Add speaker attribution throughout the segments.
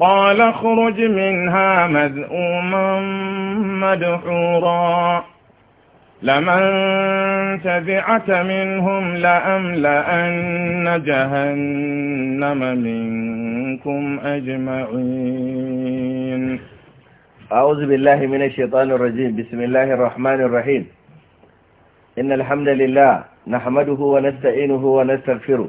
Speaker 1: قال اخرج منها مذءوما مدحورا لمن تبعك منهم لأملأن جهنم منكم
Speaker 2: أجمعين أعوذ بالله من الشيطان الرجيم بسم الله الرحمن الرحيم إن الحمد لله نحمده ونستعينه ونستغفره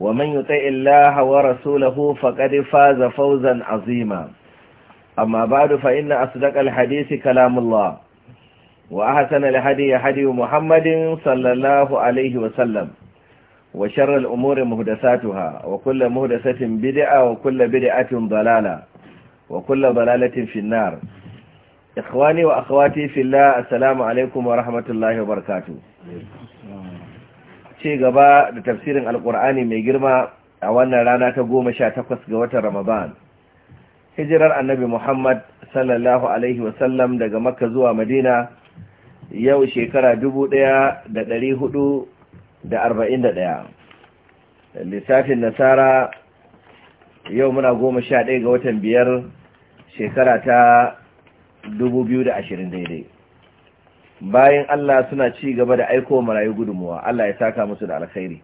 Speaker 2: ومن يطع الله ورسوله فقد فاز فوزا عظيما أما بعد فإن أصدق الحديث كلام الله وأحسن الهدي هدي محمد صلى الله عليه وسلم وشر الأمور مهدساتها وكل مهدسة بدعة وكل بدعة ضلالة وكل ضلالة في النار إخواني وأخواتي في الله السلام عليكم ورحمة الله وبركاته ce gaba da tafsirin alkur'ani mai girma a wannan rana ta goma sha takwas ga watan ramadan hijirar annabi muhammad sallallahu alaihi wasallam daga makka zuwa madina yau shekara dubu ɗaya da ɗari hudu da arba'in da ɗaya lissafin nasara yau muna goma sha ɗaya ga watan biyar shekara ta dubu biyu da ashirin daidai bayan Allah suna ci gaba da aiko marayu gudunmuwa Allah ya saka musu da alkhairi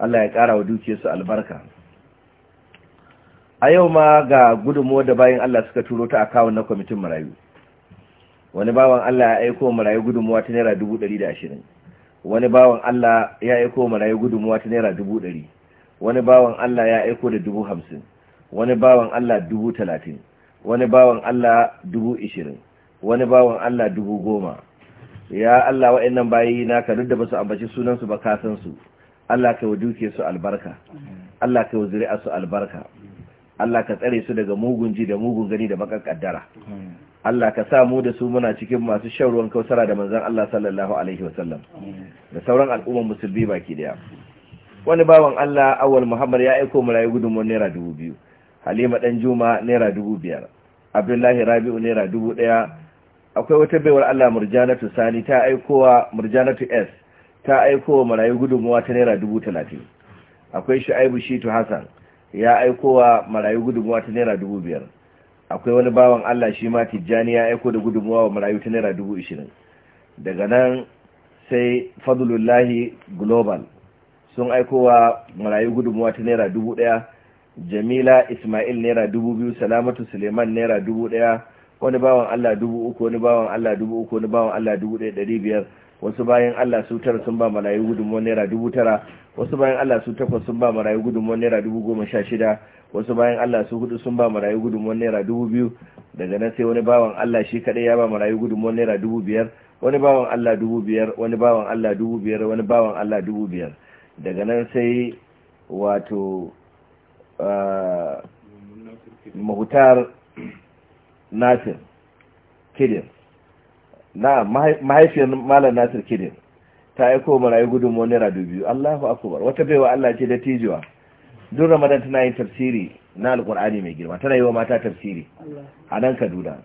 Speaker 2: Allah ya ƙara wa dukiyarsu albarka a yau ma ga gudunmuwa da bayan Allah suka turo ta akawun na kwamitin marayu wani bawan Allah ya aiko marayu gudunmuwa ta naira dubu ɗari da ashirin wani bawan Allah ya aiko marayu gudunmuwa ta naira dubu ɗari wani bawan Allah ya aiko da dubu hamsin wani bawan Allah dubu talatin wani bawan Allah dubu ishirin wani bawan Allah dubu goma ya Allah wa'annan bayi na ka duk da basu ambaci sunansu su ba ka san su Allah ka duke su albarka Allah ka zuri'a su albarka Allah ka tsare su daga mugun ji da mugun gani da bakan kaddara Allah ka sa mu da su muna cikin masu shan kausara da manzon Allah sallallahu alaihi wasallam da sauran al'umman musulmi baki daya wani bawan Allah awal Muhammad ya aiko mu rayu mun naira dubu biyu Halima dan Juma naira dubu biyar Abdullahi Rabi'u naira dubu ɗaya akwai wata baiwar Allah murjanatu sani ta aikowa murjanatu s ta aikowa marayu gudunmuwa ta naira dubu talatin akwai shu'aibu shitu hassan ya aikowa marayu gudunmuwa ta naira dubu biyar akwai wani bawan Allah shi ma tijjani ya aiko da gudunmuwa wa marayu ta naira dubu ishirin daga nan sai fadulullahi global sun aikowa marayu gudunmuwa ta naira dubu daya jamila ismail naira dubu biyu salamatu suleiman naira dubu daya wani bawan Allah dubu uku wani bawan Allah dubu uku wani bawan Allah dubu ɗaya ɗari biyar wasu bayan Allah su tara sun ba marayu gudunmuwar naira dubu tara wasu bayan Allah su takwas sun ba marayu gudunmuwar naira dubu goma sha shida wasu bayan Allah su hudu sun ba marayu gudunmuwar naira dubu biyu daga nan sai wani bawan Allah shi kaɗai ya ba marayu gudunmuwar naira dubu biyar wani bawan Allah dubu biyar wani bawan Allah dubu biyar wani bawan Allah dubu biyar daga nan sai wato mahutar nasir kidin na mahaifiyar malam nasir kidir ta aiko marayu gudun wani radu biyu allahu akubar wata baiwa allah ce da tijiwa duk ramadan tana yin tafsiri na alkur'ani mai girma tana yi wa mata tafsiri a nan kaduna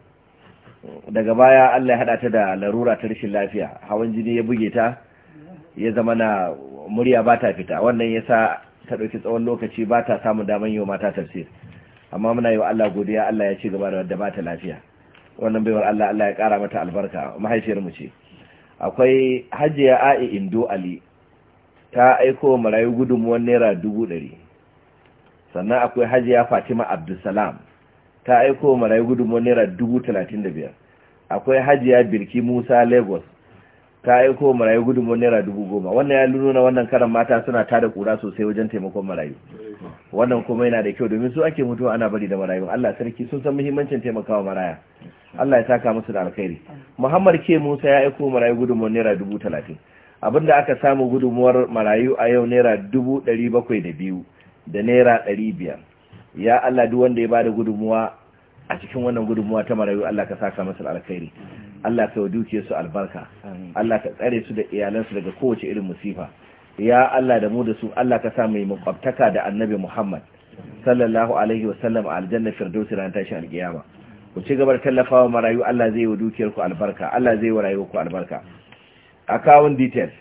Speaker 2: daga baya allah ya hada ta da larura ta rashin lafiya hawan jini ya buge ta ya zama na murya ba ta fita wannan ya sa ta ɗauki tsawon lokaci ba ta samun damar yi wa mata tafsiri amma muna yi wa Allah godiya Allah ya ci gaba da wadda ba ta lafiya wannan baiwar Allah Allah ya kara mata albarka mahaifiyar mu ce akwai hajiya A'i Indo Ali ta aiko marayu gudunmuwan naira dubu ɗari sannan akwai hajiya Fatima Abdulsalam ta aiko marayu gudunmuwan naira dubu talatin da biyar akwai hajiya Birki Musa Lagos ka aiko marayu gudunmuwar naira dubu goma wannan ya nuna wannan karan mata suna tada kura sosai wajen taimakon marayu wannan kuma yana da kyau domin su ake mutuwa ana bari da marayu allah sarki sun san muhimmancin taimakawa maraya allah ya saka musu da alkhairi muhammad ke musa ya aiko marayu gudunmuwar naira dubu talatin abinda aka samu gudunmuwar marayu a yau naira dubu ɗari bakwai da biyu da naira ɗari biyar ya allah duk wanda ya bada gudunmuwa a cikin wannan gudunmuwa ta marayu allah ka saka musu alkhairi Allah ka duke su albarka Allah ka tsare su da iyalansu daga kowace irin musifa ya Allah da mu da su Allah ka sa mai makwabtaka da annabi Muhammad sallallahu alaihi wa sallam a aljanna firdausi ran tashi alkiyama ku ci gaba da tallafawa marayu Allah zai wa dukiyar ku albarka Allah zai wa rayuwar ku albarka account details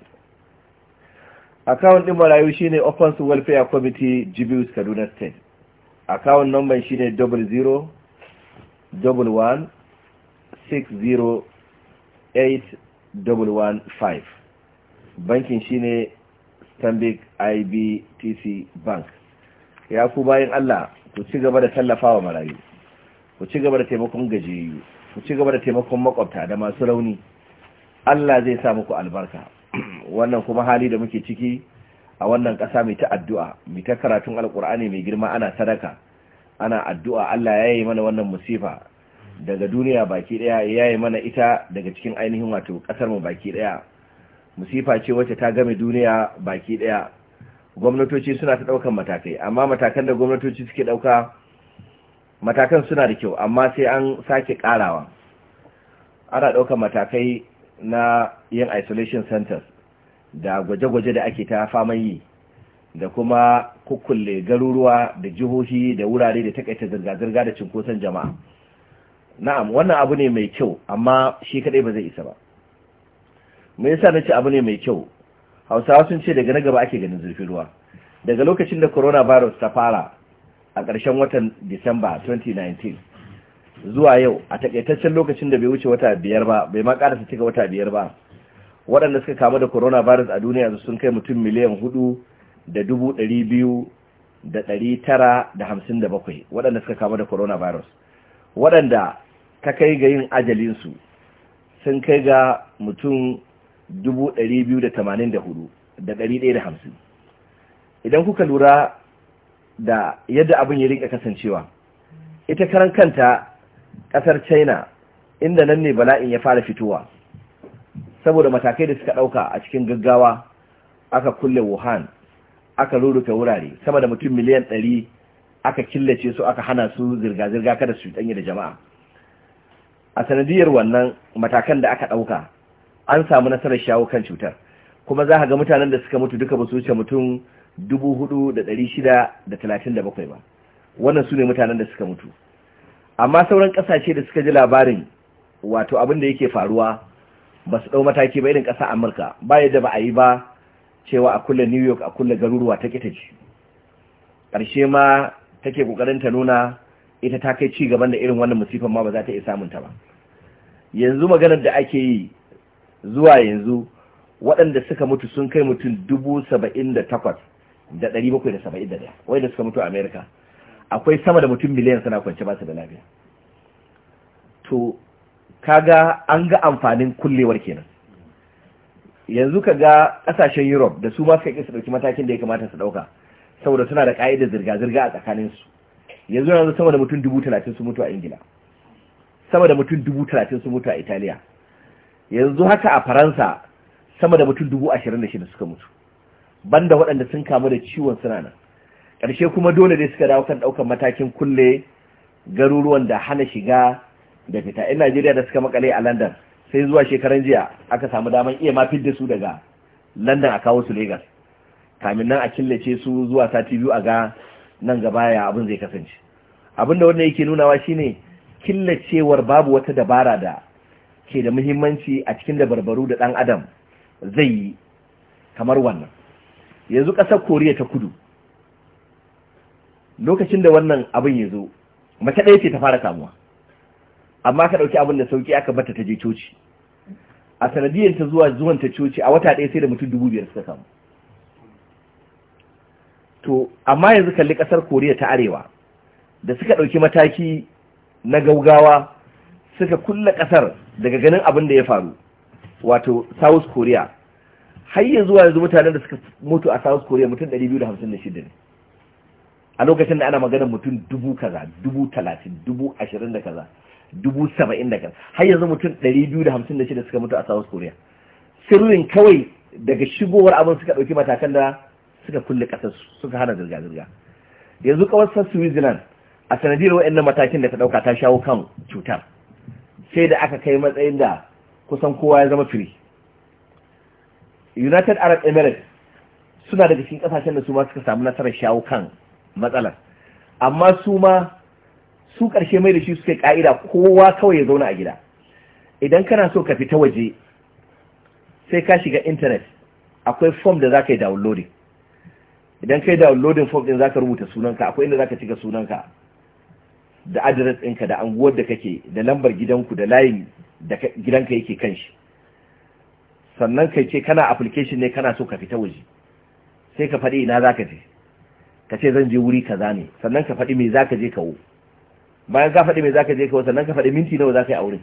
Speaker 2: account din marayu shine Open Welfare Committee Jibius Kaduna State account number shine 00 8115 bankin shine stanbic ibtc bank ya ku bayan allah ku ci gaba da tallafawa marayu ku ci gaba da taimakon gajiyayyu ku ci gaba da taimakon makwabta da masu rauni allah zai sa muku albarka wannan kuma hali da muke ciki a wannan ƙasa mai ta addu'a mai ta karatun alƙur'ani mai girma ana sadaka ana addu'a allah ya yi mana wannan musifa daga duniya baki daya yi mana ita daga cikin ainihin wato kasar mu baki daya musifa ce wacce ta game duniya baki daya gwamnatoci suna ta daukan matakai amma matakan da gwamnatoci suke dauka matakan suna da kyau amma sai an sake karawa ana daukan matakai na yin isolation centers da gwaje-gwaje da ake ta faman yi da kuma kukkulle garuruwa da jihohi da wurare da takaita zirga-zirga da cinkoson jama'a na'am wannan abu ne mai kyau amma shi kadai ba zai isa ba me yasa na ce abu ne mai kyau Hausawa sun ce daga na gaba ake ganin zurfin ruwa daga lokacin da coronavirus ta fara a ƙarshen watan Disamba 2019 zuwa yau a takaitaccen lokacin da bai wuce wata biyar ba bai ma ƙarasa cika wata biyar ba waɗanda suka kamu da coronavirus a duniya sun kai mutum miliyan hudu da dubu ɗari biyu da ɗari tara da hamsin da bakwai waɗanda suka kamu da coronavirus waɗanda ta kai ga yin ajalinsu sun kai ga mutum 284,150 idan kuka lura da yadda abin ya rika kasancewa ita karan kanta kasar china inda nan ne bala'in ya fara fitowa saboda matakai da suka dauka a cikin gaggawa aka kulle wuhan aka rurrufe wurare sama da mutum miliyan 100 aka killace su aka hana su zirga-zirga kada su yi da jama'a a sanadiyar wannan matakan da aka ɗauka an samu nasarar shawo kan cutar kuma za a ga mutanen da suka mutu duka ba su wuce mutum 4,637 ba wannan su ne mutanen da suka mutu amma sauran ƙasashe da suka ji labarin wato abin da yake faruwa ba su ɗau mataki ba irin ƙasa amurka ba yadda ba a yi ba cewa a kulle new york a kulle garuruwa ta ƙitaci ƙarshe ma take ƙoƙarin ta nuna ita ta kai ci gaban da irin wannan musifan ma ba za ta iya samunta ba yanzu maganar da ake yi zuwa yanzu waɗanda suka mutu sun kai mutum dubu saba'in da takwas da ɗari bakwai da saba'in da ɗaya wai suka mutu a amerika akwai sama da mutum miliyan suna kwance ba su da lafiya to kaga an ga amfanin kullewar kenan yanzu ka ga ƙasashen europe da su ma suka ƙi su ɗauki matakin da ya kamata su ɗauka saboda suna da ƙa'idar zirga-zirga a tsakaninsu yanzu yanzu sama da mutum dubu talatin sun mutu a ingila sama da mutum dubu talatin sun mutu a italiya yanzu haka a faransa sama da mutum dubu ashirin da shida suka mutu banda waɗanda sun kamu da ciwon suna nan ƙarshe kuma dole ne suka dawo kan ɗaukar matakin kulle garuruwan da hana shiga da fita in najeriya da suka makale a london sai zuwa shekaran jiya aka samu daman iya ma fidda su daga london a kawo su lagos kamin nan a killace su zuwa sati biyu a ga nan gaba ya abin zai kasance abinda wannan yake nunawa shine killacewar babu wata dabara da ke da muhimmanci a cikin dabarbaru da dan adam zai yi kamar wannan yanzu ƙasar koriya ta kudu lokacin da wannan abin ya zo mace ɗaya ce ta fara kamuwa amma ka ɗauki abin da sauki aka bata ta je coci a sanadiyar ta zuwa zuwan ta coci a wata ɗaya sai da mutum dubu biyar suka kamu to amma yanzu kalli kasar koriya ta arewa da suka ɗauki mataki na gaugawa suka kulle kasar daga ganin abin da ya faru wato south korea har yanzu wa yanzu mutanen da suka mutu a south korea mutum 256 ne a lokacin da ana magana mutum dubu kaza dubu talatin dubu ashirin da kaza dubu saba'in da kaza har yanzu mutum 256 suka mutu a south korea sirrin kawai daga shigowar abin suka ɗauki matakan da suka kulle kasar suka hana zirga-zirga yanzu kawarsa switzerland a sanadiyar waɗannan matakin da ta ɗauka ta shawo kan cutar sai da aka kai matsayin da kusan kowa ya zama firi united arab emirates suna daga cikin kasashen da su ma suka samu nasarar shawo kan matsalar amma su ma su ƙarshe mai da shi suke ka'ida kowa kawai ya zauna a gida idan kana so ka fita waje sai ka shiga intanet akwai fom da za ka yi downloading idan kai downloading form din zaka rubuta sunanka akwai inda zaka cika sunanka da address ɗinka da anguwar da kake da lambar gidanku da layin da gidanka yake kan shi sannan kai ce kana application ne kana so ka fita waje sai ka faɗi ina zaka je ka ce zan je wuri kaza ne sannan ka faɗi me zaka je kawo bayan ka faɗi me zaka je kawo sannan ka faɗi minti nawa zaka yi a wurin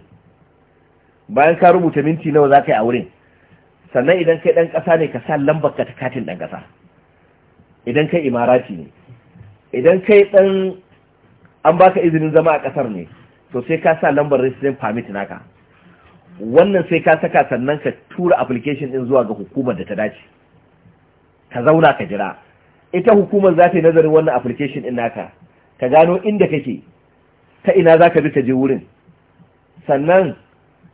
Speaker 2: bayan ka rubuta minti nawa zaka yi a wurin sannan idan kai ɗan ƙasa ne ka sa lambar ka ta katin ɗan ƙasa idan kai imarati ne idan kai dan an baka izinin zama a kasar ne to sai ka sa lambar resident permit naka wannan sai ka saka sannan ka tura application din zuwa ga hukumar da ta dace ka zauna ka jira ita hukumar za ta yi nazarin wannan application din naka ka gano inda kake ta ina za ka bi ka je wurin sannan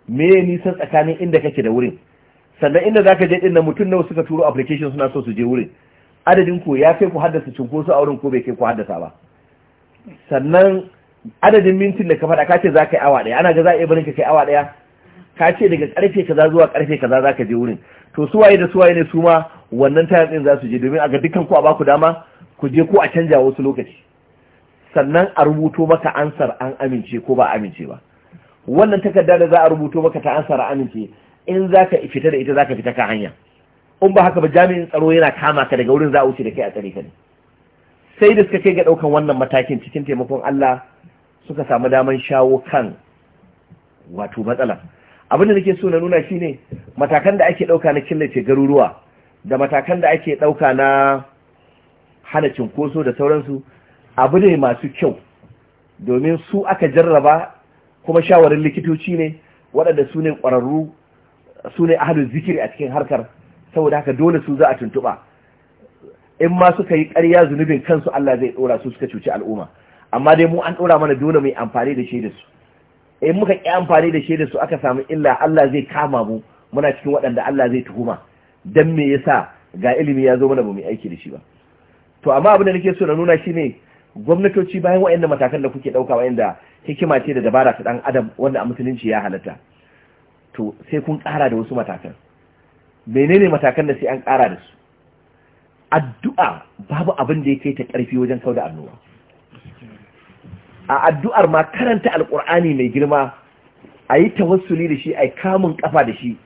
Speaker 2: me nisan tsakanin inda kake da wurin sannan inda za ka je ɗin mutum nawa suka turo application suna so su je wurin adadin ku ya kai ku haddasa cunkoso a wurin ko bai kai ku haddasa ba sannan adadin mintin da ka faɗa ka ce za ka yi awa ɗaya ana ga za a iya barin ka kai awa ɗaya ka ce daga karfe kaza zuwa karfe kaza za ka je wurin to su waye da su waye ne su ma wannan tayar ɗin za su je domin a ga dukkan ku a baku dama ku je ko a canja wasu lokaci sannan a rubuto maka ansar an amince ko ba amince ba wannan takarda da za a rubuto maka ta ansar amince in za ka fita da ita za ka fita ka hanya in ba haka ba jami'in tsaro yana kama ka daga wurin za a wuce da kai a tsare ka ne sai da suka kai ga ɗaukan wannan matakin cikin taimakon Allah suka samu daman shawo kan wato matsala abin da nake so na nuna shine matakan da ake ɗauka na killace garuruwa da matakan da ake ɗauka na hana cinkoso da sauransu abu ne masu kyau domin su aka jarraba kuma shawarin likitoci ne waɗanda su ne ƙwararru su ne ahalin zikiri a cikin harkar saboda haka dole su za a tuntuɓa in ma suka yi ƙarya zunubin kansu Allah zai ɗora su suka cuci al'umma amma dai mu an ɗora mana dole mu yi amfani da shaida su in muka ƙi amfani da shaida su aka samu illa Allah zai kama mu muna cikin waɗanda Allah zai tuhuma dan me yasa ga ilimi ya zo mana ba mu aiki da shi ba to amma abin da nake so na nuna shine gwamnatoci bayan waɗannan matakan da kuke ɗauka waɗanda hikima ce da dabara ta dan adam wanda a musulunci ya halatta to sai kun ƙara da wasu matakan menene matakan da sai an ƙara da su addu'a babu abin da ya kai ta karfi wajen kauda da a addu'ar ma karanta alƙur'ani mai girma ayi yi tawassuli da shi a kamun ƙafa da shi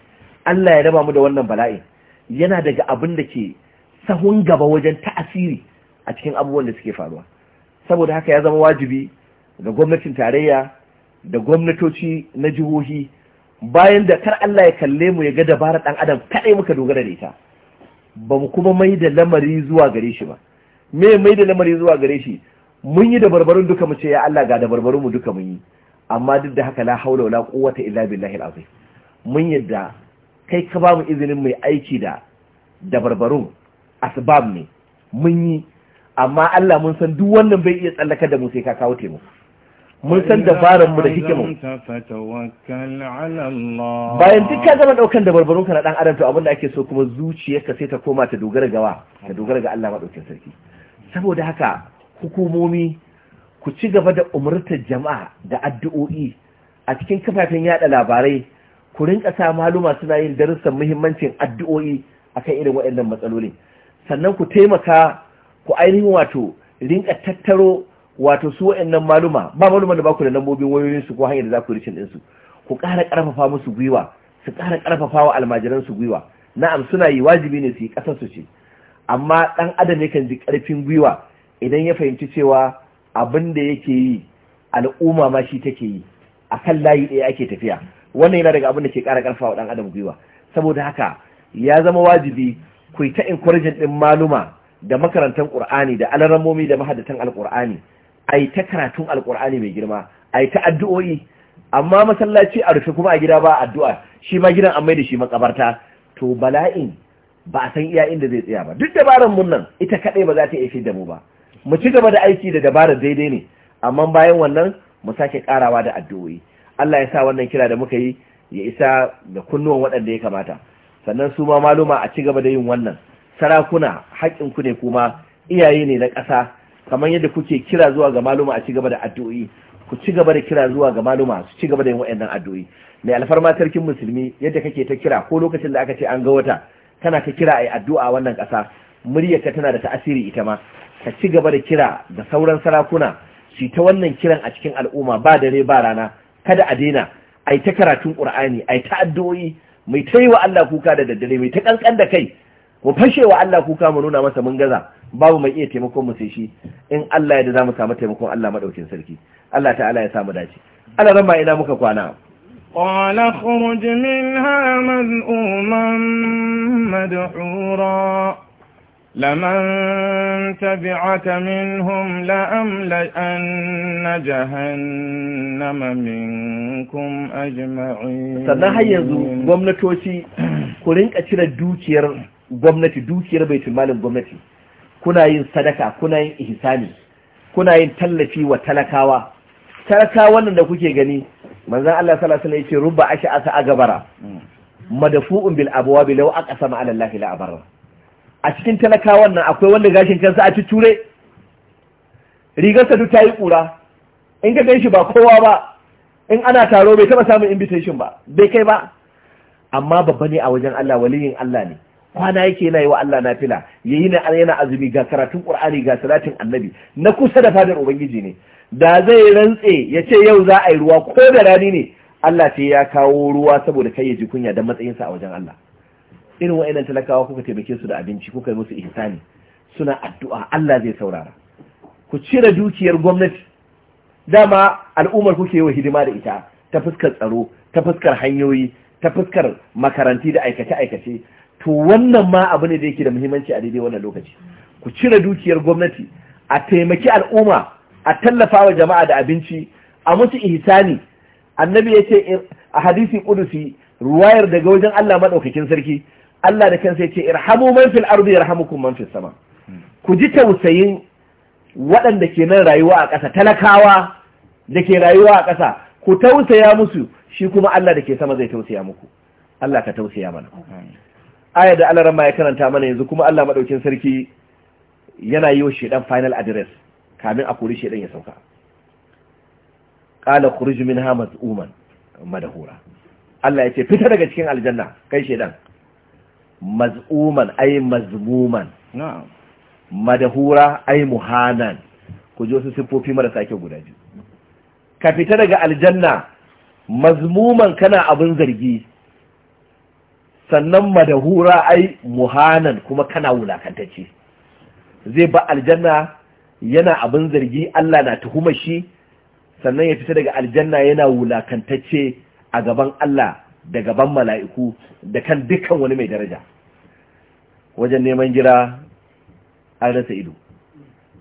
Speaker 2: Allah ya raba mu da wannan bala'in yana daga abin da ke sahun gaba wajen ta'asiri a cikin abubuwan da suke faruwa saboda haka ya zama wajibi ga gwamnatin tarayya da gwamnatoci na jihohi bayan da kar Allah ya kalle mu ya ga dabarar ɗan adam kaɗai muka dogara da ita ba mu kuma mai da lamari zuwa gare shi ba me mai da lamari zuwa gare shi mun yi dabarbarun duka mu ce ya Allah ga dabarbarun mu duka mun yi amma duk da haka la haula wala quwwata illa billahi alazim mun yadda kai ka ba mu izinin mai aiki da dabarbarun asbab ne mun yi amma Allah mun san duk wannan bai iya tsallaka da mu sai ka kawo taimako mun san dabaran mu da hikimu bayan duk ka gama daukan dabarbarun ka na dan adam to abin da ake so kuma zuciyar ka sai ta koma ta dogara gawa ta dogara ga Allah madaukakin sarki saboda haka hukumomi ku ci gaba da umurtar jama'a da addu'o'i a cikin kafafen yada labarai ku rinka sa maluma suna yin darussan muhimmancin addu'o'i akan irin waɗannan matsaloli sannan ku taimaka ku ainihin wato rinka tattaro wato su wa'annan maluma ba maluma da ba da lambobin wayoyinsu ko hanyar da za ku rishin su ku ƙara ƙarfafa musu gwiwa su ƙara ƙarfafa wa almajiran su gwiwa na'am suna yi wajibi ne su yi ƙasar su ce amma ɗan adam yakan ji ƙarfin gwiwa idan ya fahimci cewa abin da yake yi al'umma ma shi take yi a kan layi ɗaya ake tafiya wannan yana daga abin da ke ƙara ƙarfafa wa ɗan adam gwiwa saboda haka ya zama wajibi ku yi ta encouraging ɗin maluma da makarantar ƙur'ani da alarammomi da mahaddatan alƙur'ani a yi ta karatun alkur'ani mai girma a yi ta addu'o'i amma masallaci a rufe kuma a gida ba addu'a shi ma gidan an da shi makabarta to bala'in ba a san iya inda zai tsaya ba duk dabarar mun nan ita kaɗai ba za ta iya da mu ba mu ci gaba da aiki da dabarar daidai ne amma bayan wannan mu sake karawa da addu'o'i Allah ya sa wannan kira da muka yi ya isa da kunnuwan waɗanda ya kamata sannan su ma maluma a ci gaba da yin wannan sarakuna haƙƙinku ne kuma iyaye ne na ƙasa kamar yadda kuke kira zuwa ga maluma a cigaba da addu'o'i ku cigaba da kira zuwa ga maluma su cigaba da yin wa'annan addu'o'i mai alfarma sarkin musulmi yadda kake ta kira ko lokacin da aka ce an ga wata kana ta kira ayi addu'a a wannan ƙasa muryarka tana da ta'asiri ita ma ka cigaba da kira ga sauran sarakuna su ta wannan kiran a cikin al'umma ba dare ba rana kada a daina ai ta karatun qur'ani ai ta addu'o'i mai ta yi wa Allah kuka da daddare mai ta kankan da kai mu fashe wa Allah kuka mu nuna masa mun gaza babu mai iya taimakon mu sai shi in Allah ya da mu samu taimakon Allah madaukin sarki Allah ta'ala ya samu dace Allah ran ma ina muka kwana
Speaker 1: قال اخرج منها مذءوما مدحورا لمن تبعك منهم لأملأن جهنم منكم أجمعين sannan har yanzu
Speaker 2: gwamnatoci ku rinka cire dukiyar gwamnati dukiyar baitul malin gwamnati kuna yin sadaka kuna yin ihsani kuna yin tallafi wa talakawa Talakawa nan da kuke gani manzon Allah sallallahu alaihi wasallam yace rubba asa agabara madafu'un bil abwab law aqsama ala Allah la abara a cikin talakawa nan akwai wanda gashin kansa a ture rigarsa duk tayi kura in ka gan shi ba kowa ba in ana taro bai taba samun invitation ba bai kai ba amma babba ne a wajen Allah waliyin Allah ne kwana yake yana yi wa Allah na fila, yayi na yana azumi ga karatun Qur'ani ga salatin Annabi na kusa da fadar ubangiji ne da zai rantse ya ce yau za a yi ruwa ko da rani ne Allah sai ya kawo ruwa saboda kai ya ji kunya don matsayinsa a wajen Allah irin wa'annan talakawa kuka taimake su da abinci kuka yi musu ihsani suna addu'a Allah zai saurara ku cire dukiyar gwamnati dama al'ummar kuke wa hidima da ita ta fuskar tsaro ta fuskar hanyoyi ta fuskar makaranti da aikace-aikace to wannan ma abu ne da yake da muhimmanci a daidai wannan lokaci ku cire dukiyar gwamnati a taimaki al'umma a tallafa wa jama'a da abinci a musu ihsani annabi ya ce a hadisi kudusi ruwayar daga wajen Allah madaukakin sarki Allah da kansa ya ce irhamu man fil ardi yarhamukum man fis sama ku ji tausayin waɗanda ke nan rayuwa a ƙasa talakawa da ke rayuwa a ƙasa ku tausaya musu shi kuma Allah da ke sama zai tausaya muku Allah ka tausaya mana aya da Allah rama ya karanta mana yanzu kuma Allah madaukin sarki yana yi wa shedan final address kamin a kori shedan ya sauka qala khuruj minha maz'uman madahura Allah ya ce fita daga cikin aljanna kai shedan maz'uman ay mazmuman na'am madhura ay muhanan ku ji wasu siffofi marasa kyau guda biyu ka fita daga aljanna mazmuman kana abin zargi sannan madahura ai muhanan kuma kana wulakantacce zai ba aljanna yana abin zargi Allah na tuhuma shi sannan ya fita daga aljanna yana wulakantacce a gaban Allah da gaban mala'iku da kan dukkan wani mai daraja wajen neman gira an rasa ido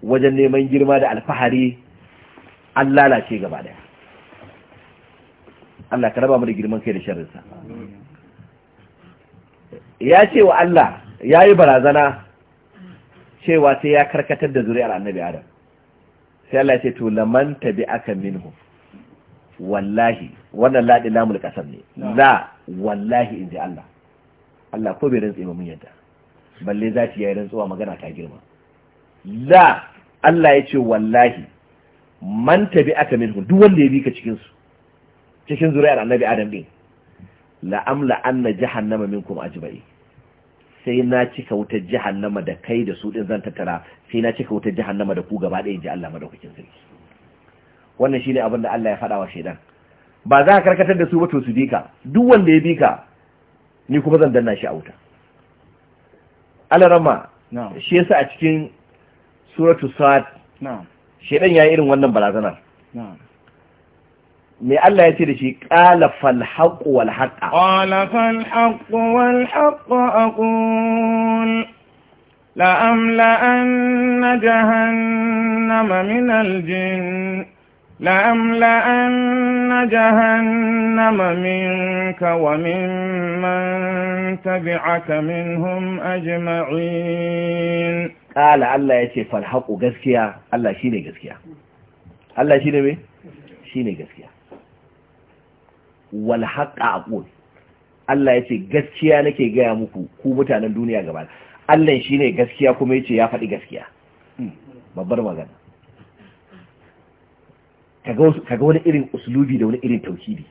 Speaker 2: wajen neman girma da alfahari an lalace gaba daya Allah ka raba mu da girman kai da sharrinsa ya ce wa Allah ya yi barazana cewa sai ya karkatar da zuri'ar annabi adam sai Allah ya ce to laman tabi aka minhu wallahi wannan laɗi lamul ƙasar ne la wallahi in ji Allah Allah ko bai rantse ba mun yadda balle za ya yi rantsuwa magana ta girma la Allah ya ce wallahi man tabi aka minhu duk wanda ya bi ka cikin su cikin zuri'ar annabi adam din amla anna jahannama minkum ajma'i sai na cika wutar jahannama da kai da su din zan tattara sai na cika wutar jahannama da ku gaba ɗaya ji Allah madaukakin sarki wannan shine abin da Allah ya faɗa wa shedan ba za ka karkatar da su ba to su bika duk wanda ya bika ni kuma zan danna shi a wuta alarama shi yasa a cikin suratu sa'ad shedan ya irin wannan barazanar me Allah ya ce da shi ƙala falhaƙo wal ƙala falhaƙo wal a ƙun
Speaker 1: la'amla'an na jahannama min aljin لأملأن جهنم منك وممن تبعك منهم
Speaker 2: أجمعين قال الله يتي فالحق قسكيا الله شيني قسكيا الله شيني shi ne gaskiya. Walhaqa, haqqa aqul Allah yace gaskiya nake gaya muku ku mutanen duniya gaba Allah shine gaskiya kuma yace ya faɗi gaskiya hmm. babbar magana kaga wani irin uslubi da wani irin tauhidi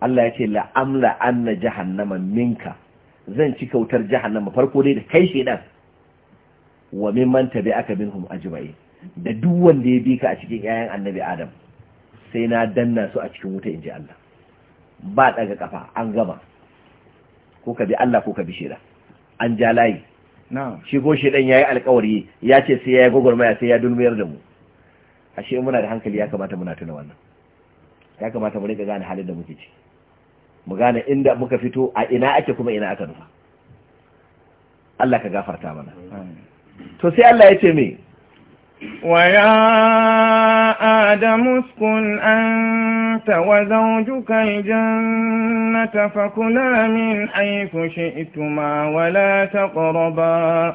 Speaker 2: Allah yace la amla anna jahannama minka zan ci kautar jahannama farko dai da kai shedan wa mimman tabi'aka minhum ajma'in da duk wanda ya bi ka a cikin 'ya'yan annabi adam sai na danna su a cikin wuta in ji Allah ba daga kafa an gama ko ka bi Allah ko ka bi shira an ja layi shi ko shi dan yayi alƙawari ya ce sai yayi gwagwarmaya sai ya dulmiyar da mu a shi muna da hankali ya kamata muna tuna wannan ya kamata mu rika gane halin da muke ci mu gane inda muka fito a ina ake kuma ina aka nufa Allah ka gafarta mana to sai Allah ya ce me ويا
Speaker 1: آدم اسكن أنت وزوجك الجنة فكلا من حيث شئتما ولا تقربا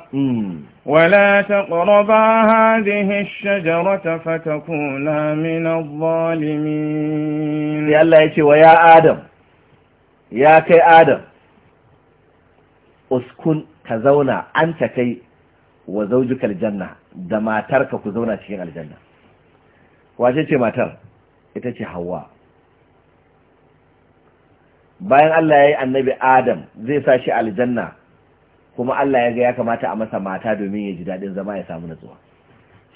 Speaker 1: ولا تقربا هذه الشجرة فتكونا من الظالمين يا الله يتي
Speaker 2: ويا آدم يا كي آدم uskun ka zauna an ta kai wa zaujukal janna da matarka ku zauna cikin aljanna wace ce matar ita ce hawa bayan Allah ya yi annabi Adam zai sa shi aljanna kuma Allah ya ga ya kamata a masa mata domin ya ji daɗin zama ya samu natsuwa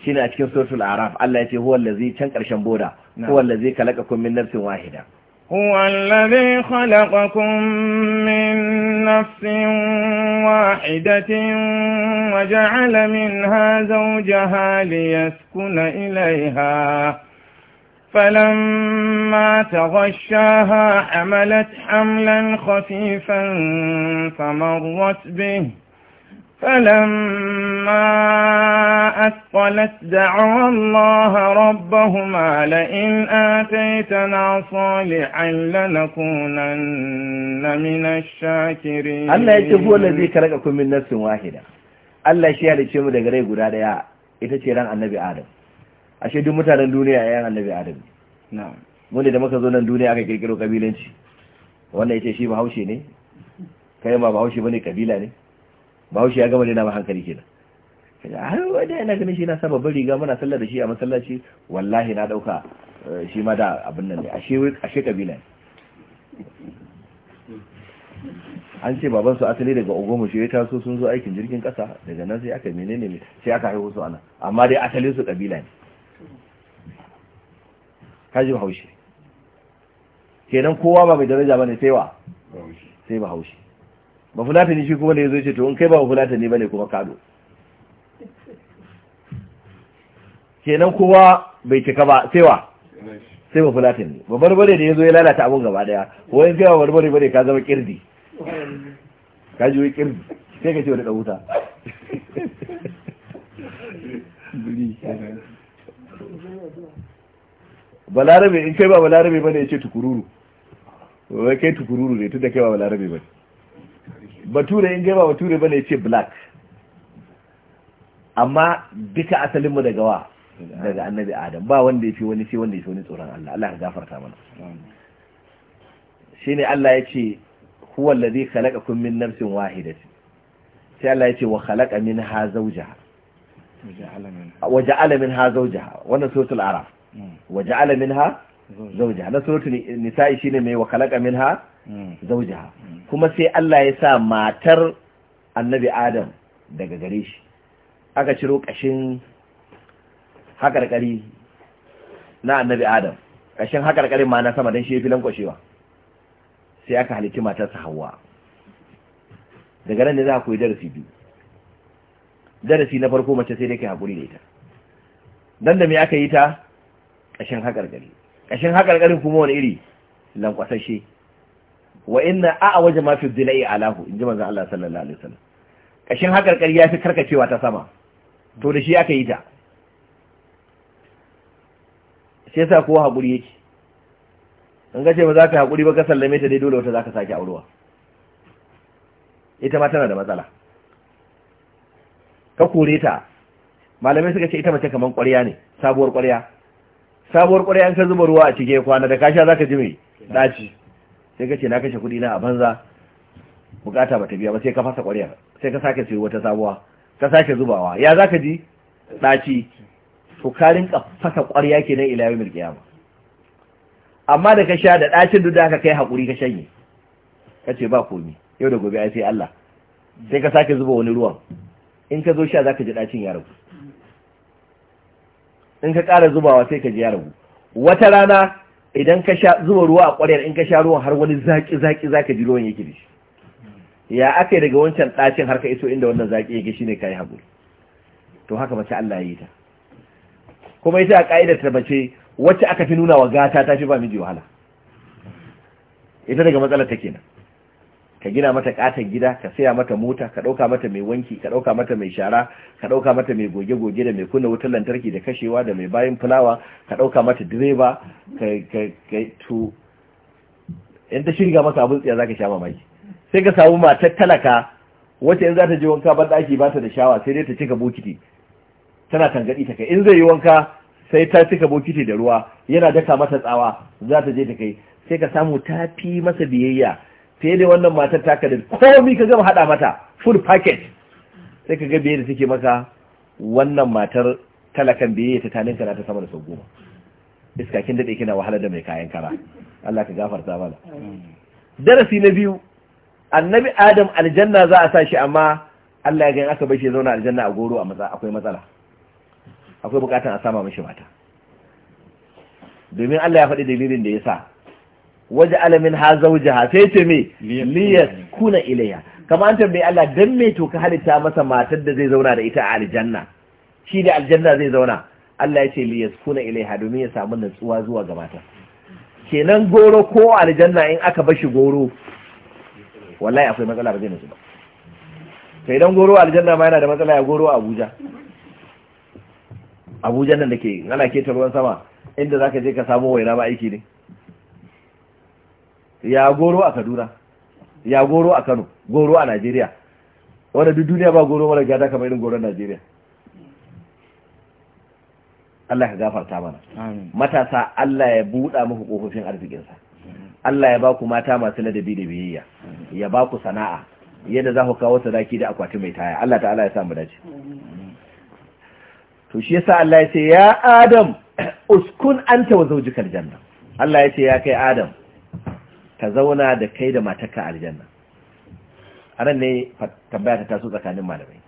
Speaker 2: shine a cikin suratul araf Allah ya ce huwa can karshen boda zai allazi khalaqakum min nafsin wahida
Speaker 1: هو الذي خلقكم من نفس واحدة وجعل منها زوجها ليسكن إليها فلما تغشاها حملت حملا خفيفا فمرت به فلما أثقلت دعوا الله ربهما لئن آتيتنا صالحا لنكونن من الشاكرين الله يتفو الذي
Speaker 2: كرككم من نفس واحدة Allah shi ya da ce mu daga rai guda daya ita ce ran annabi Adam ashe duk mutanen duniya yayan annabi Adam ne na'am mu da muka zo nan duniya aka kirkiro kabilanci wannan yace shi bahaushe ne kai ma bahaushe bane kabila ne bahaushe ya gama daina ma hankali kenan har wanda yana ganin shi na sa babban riga muna sallar da shi a masallaci wallahi na dauka eh, shi ma da abin nan ne ashe kabila ne an ce baban su asali daga ogomu shi ya taso sun zo aikin jirgin kasa daga nan sai aka menene sai aka haihu su ana amma dai asalin su kabila ne kaji ba haushi kenan kowa ba mai daraja bane sai ba haushi. ba ne shi kuma da ya zo ce to in kai ba fulatani ba ne kuma kado kenan kowa bai cika ba sai wa sai ba ne ba barbare da ya zo ya lalata abun gaba daya ko in kai ba barbare bane ka zama kirdi ka ji wai kirdi sai ka ce wani ɗauta balarabe in kai ba balarabe bane ya ce tukururu wai kai tukururu ne tun da kai ba balarabe bane bature in gaba bature bane ya ce black amma duka asalinmu daga wa daga annabi adam ba wanda ya fi wani sai wanda ya fi wani tsoron Allah Allah ya gafarta mana shine Allah ya ce huwa allazi khalaqakum min nafsin wahidatin sai Allah ya ce wa khalaqa minha zawjaha wa ja'ala minha zawjaha wannan suratul araf hmm. wa ja'ala minha zawjaha na suratul nisa'i shine mai wa khalaqa minha zaujaha hmm. kuma sai Allah ya sa matar annabi Adam daga gare shi aka ciro kashin hakarkari na annabi Adam kashin hakarkarin ma na sama don shi filan kwashewa sai aka halitti matarsa Hawwa daga nan ne za ku yi darasi biyu darasi na farko mace sai dai kai hakuri da ita dan da me aka yi ta kashin hakarkari kashin haƙarƙarin kuma wani iri lankwasashe wa inna a waje mafi fi dilai alahu in ji manzan Allah sallallahu alaihi wasallam kashin hakarkar ya fi karkacewa ta sama to da shi aka yi ta sai sa kowa haƙuri yake in ka ce ba za ka haƙuri ba ka sallame ta dai dole wata za ka sake aurewa ita ma tana da matsala ka kore ta malamai suka ce ita mace kamar ƙwarya ne sabuwar ƙwarya sabuwar ƙwarya in ka zuba ruwa a cike kwana da kasha za ka ji mai ɗaci sai ka ce na kashe kuɗi na a banza bukata ba ta biya ba sai ka fasa ƙwarya sai ka sake siyo wata sabuwa ka sake zubawa ya za ka ji ɗaci to ka rinka fasa ƙwarya ke nan yau mil ba amma da ka sha da ɗacin duk da aka kai haƙuri ka shanye ka ce ba komi yau da gobe ai sai Allah sai ka sake zuba wani ruwan in ka zo sha za ka ji ɗacin ya ragu in ka ƙara zubawa sai ka ji ya ragu wata rana idan ka sha zuwa ruwa a ƙwarya in ka sha ruwan har wani zaki zaki zaka ji ruwan yake dishi ya aka yi daga wancan ɗacin har ka iso inda wannan zaki yake shine kai haƙuri to haka mace Allah ya yi ta kuma ita a ka'idar ta mace wacce aka fi nuna wa gata ta fi ba miji wahala ita daga matsalar ta kenan ka gina mata katon gida ka saya mata mota ka ɗauka mata mai wanki ka ɗauka mata mai shara ka ɗauka mata mai goge-goge da mai kunna wutar lantarki da kashewa da mai bayan fulawa ka ɗauka mata direba ka to in ta shirya maka abin tsaya zaka sha mamaki sai ka samu matar talaka wacce in za ta je wanka ban daki ba ta da shawa sai dai ta cika bokiti tana tangaɗi ta kai in zai yi wanka sai ta cika bokiti da ruwa yana daka mata tsawa za ta je ta kai sai ka samu ta fi masa biyayya sai da wannan matar ta da komi ka gama haɗa mata full packet sai ka ga biye da take maka wannan matar talakan biye ta tanin kana ta sama da sau goma iska kin daɗe kina wahala da mai kayan kara Allah ka gafarta mana darasi na biyu annabi adam aljanna za a sa shi amma Allah ya gani aka bar shi zauna aljanna a goro a matsa akwai matsala akwai bukatan a sama mishi mata domin Allah ya faɗi dalilin da ya sa waje alamin ha ha sai ce me liyas kuna ilayya kama an tambayi Allah dan me to ka halitta masa matar da zai zauna da ita a aljanna shi da aljanna zai zauna Allah ya ce liyas kuna ilayha domin ya samu natsuwa zuwa ga mata kenan goro ko aljanna in aka bashi goro wallahi akwai matsala ba zai nutsu ba kai dan goro aljanna ma yana da matsala ya goro a Abuja Abuja nan da ke ana keta ruwan sama inda zaka je ka samu waina ba aiki ne ya goro a kaduna ya goro a kano goro a najeriya wanda duk duniya ba goro mara gada kamar irin goron najeriya Allah ka gafarta mana matasa Allah ya buɗa muku ƙofofin arzikinsa Allah ya ba ku mata masu ladabi da biyayya ya ba ku sana'a yadda za ku kawo sadaki da akwati mai taya Allah ta'ala ya samu dace to shi yasa Allah ya ce ya Adam uskun anta wa zawjikal janna Allah ya ce ya kai Adam ka zauna da kai da matarka aljanna anan ne tambaya ta taso tsakanin malamai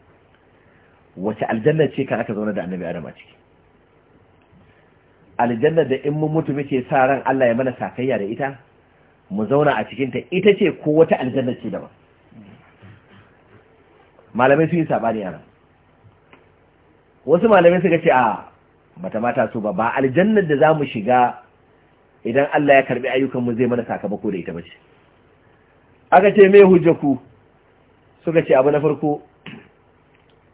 Speaker 2: wace aljanna ce kan aka zauna da annabi adam a ciki aljanna da in mun mutu muke sa ran Allah ya mana sakayya da ita mu zauna a cikinta ita ce ko wata aljanna ce daban malamai sun yi sabani a nan wasu malamai suka ce a mata mata su ba ba aljannar da za mu shiga idan Allah ya karbi ayyukan mu zai mana sakamako da ita bace aka ce me hujjaku suka ce abu na farko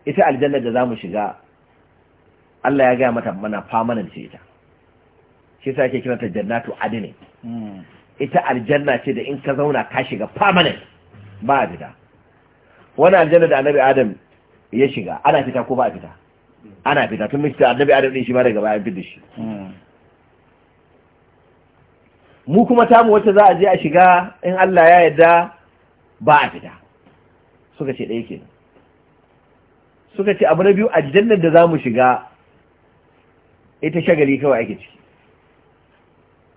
Speaker 2: ita aljanna da zamu shiga Allah ya gaya mata mana famanan ce ita shi yasa yake kiranta jannatu adini hmm. ita aljanna ce da in ka zauna ka shiga permanent ba a fita wani aljanna da annabi adam ya shiga ana fita ko ba a fita hmm. ana fita tun mista annabi adam din shi ma daga bayan fita mu kuma tamu wata za a je a shiga in Allah ya yarda ba a fita suka ce ɗaya kenan suka ce abu na biyu a jannar da za mu shiga ita shagali kawai ake ciki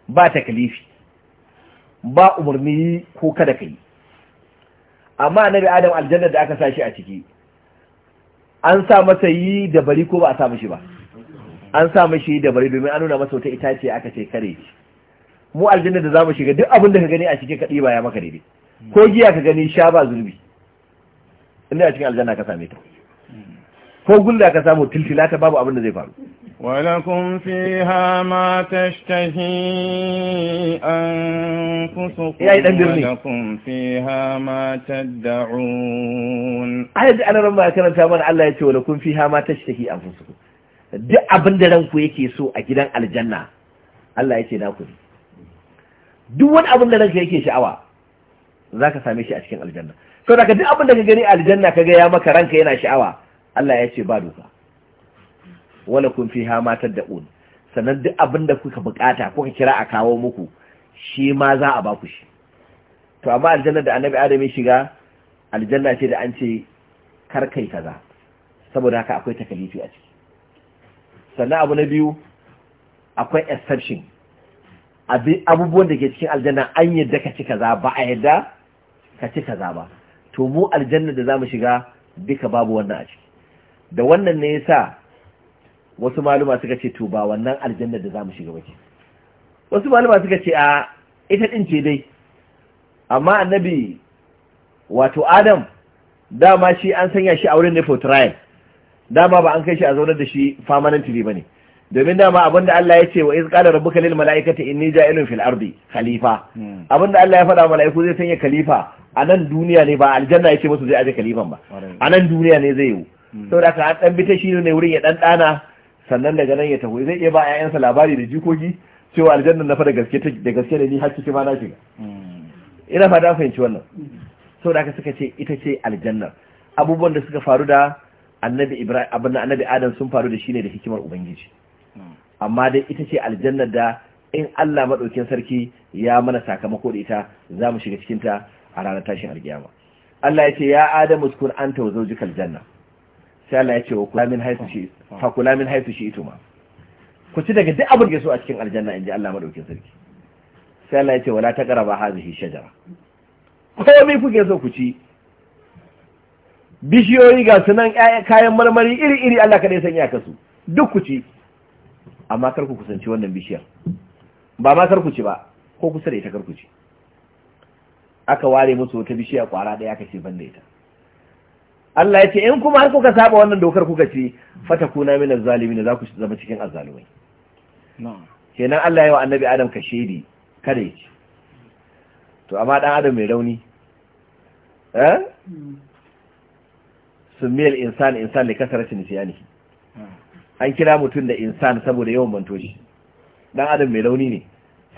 Speaker 2: ba takalifi ba umarni ko kada ka yi amma annabi adam aljannar da aka sa shi a ciki an sa masa yi da bari ko ba a sa mishi ba an sa mishi da bari domin an nuna masa wata itace aka ce kare shi mu aljanna da zamu shiga duk abin da ka gani a cikin kaɗi ba ya maka daidai ko giya ka gani sha ba zurbi inda a cikin aljanna ka same ta ko gulla ka samu tiltila ta babu abin da zai faru
Speaker 1: ولكم فيها ما تشتهي أنفسكم ولكم فيها ما تدعون
Speaker 2: أحد أنا رمى أكرم تامان الله يتي ولكم فيها ما تشتهي أنفسكم duk abin da ranku yake so a gidan aljanna Allah ya ce na ku duk wani abin da ranka yake sha'awa za ka same shi a cikin aljanna sau da ka duk abin da ka gani aljanna ka ga ya maka ranka yana sha'awa Allah ya ce ba doka wala kun fi ha matar da un sannan duk abin da kuka bukata kuka kira a kawo muku shi ma za a baku shi to amma aljanna da annabi adam ya shiga aljanna ce da an ce kar kai kaza saboda haka akwai takalifi a ciki sannan abu na biyu akwai exception abubuwan da ke cikin aljanna an yadda ka ci kaza ba a yadda ka ci kaza ba to mu aljanna da zamu shiga duka babu wannan a ciki da wannan ne yasa wasu maluma suka ce to ba wannan aljanna da zamu shiga ba wasu maluma suka ce a ita din ce dai amma annabi wato adam dama shi an sanya shi a wurin ne for trial dama ba an kai shi a zaunar da shi permanently bane ne domin dama abinda Allah ya ce wa iz qala rabbuka lil mala'ikati inni ja'ilun fil ardi khalifa hmm. abinda Allah ya faɗa mala'iku zai sanya khalifa a nan duniya ne ba aljanna yace musu zai aje khalifan ba a nan duniya ne zai yi hmm. saboda ka dan bita shi ne wurin ya dan dana sannan daga nan ya tafi zai iya ba ƴaƴansa labari da jikoki cewa aljanna na fa da gaske da gaske ne ni har cikin ma na shiga hmm. ina fata fahimci wannan saboda ka suka ce ita ce aljanna abubuwan da suka faru da annabi ibrahim abin annabi adam sun faru da shi ne da hikimar ubangiji amma dai ita ce aljannar da in Allah maɗaukin sarki ya mana sakamako da ita za mu shiga cikinta a ranar tashin alkiyama Allah ya ce ya adamu an ta wa jikar janna. sai Allah ya ce wa kula min haythu shi fa kula ituma ku ci daga duk abin da so a cikin aljanna inji Allah maɗaukin sarki sai Allah ya ce wala taqraba hadhihi shajara komai kuke so ku ci bishiyoyi ga sunan kayan marmari iri iri Allah kaɗai ya sanya ka su duk ku ci amma kar ku kusanci wannan bishiyar ba ma kar ku ci ba ko kusa da ita kar ku ci aka ware musu wata bishiya kwara daya aka ce ban da ita Allah ya ce in kuma har kuka saba wannan dokar kuka ci fatakuna min az-zalimin za ku zama cikin na'am kenan Allah ya wa annabi Adam ka shedi kada ya ci to amma dan adam mai rauni eh hmm. sumil insan insan li kasarati an kira mutum da insan saboda yawan banto shi dan adam mai launi ne